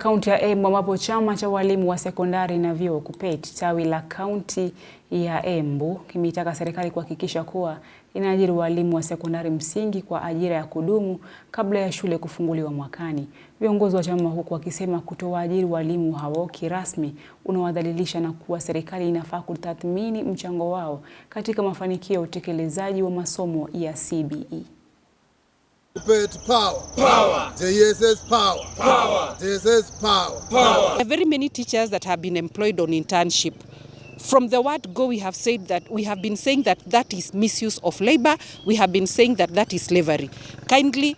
Kaunti ya Embu ambapo chama cha walimu wa sekondari na vyuo KUPPET tawi la kaunti ya Embu kimeitaka serikali kuhakikisha kuwa inaajiri walimu wa sekondari msingi kwa ajira ya kudumu kabla ya shule kufunguliwa mwakani. Viongozi wa chama huku wakisema kutowaajiri walimu hao kirasmi unawadhalilisha na kuwa serikali inafaa kutathmini mchango wao katika mafanikio ya utekelezaji wa masomo ya CBE. Power. Power. JSS power. Power. JSS power. Power. There are very many teachers that have been employed on internship. From the word go, we have said that we have been saying that that is misuse of labor. We have been saying that that is slavery. Kindly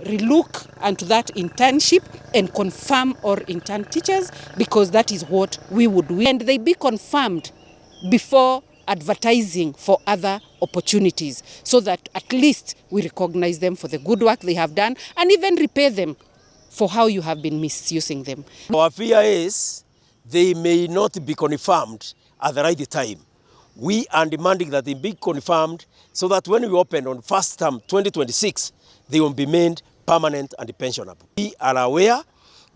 relook unto that internship and confirm our intern teachers because that is what we would. And they be confirmed before advertising for other opportunities so that at least we recognize them for the good work they have done and even repay them for how you have been misusing them. Our fear is they may not be confirmed at the right time. We are demanding that they be confirmed so that when we open on first term 2026, they will be made permanent and pensionable. We are aware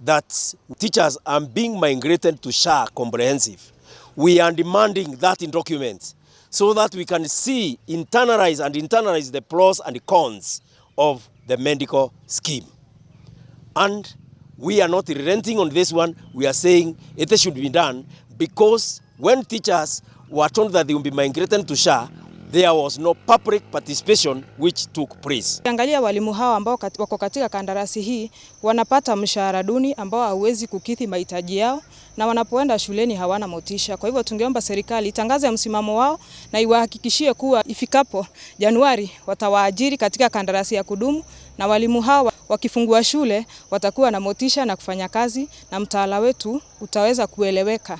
that teachers are being migrated to SHA comprehensive we are demanding that in documents so that we can see, internalize and internalize the pros and cons of the medical scheme. And we are not relenting on this one. We are saying it should be done because when teachers were told that they will be migrating to SHA, there was no public participation which took place. Angalia walimu hawa ambao wako katika kandarasi hii wanapata mshahara duni ambao hauwezi kukidhi mahitaji yao na wanapoenda shuleni hawana motisha. Kwa hivyo tungeomba serikali itangaze msimamo wao na iwahakikishie kuwa ifikapo Januari watawaajiri katika kandarasi ya kudumu na walimu hawa wakifungua shule watakuwa na motisha na kufanya kazi na mtaala wetu utaweza kueleweka.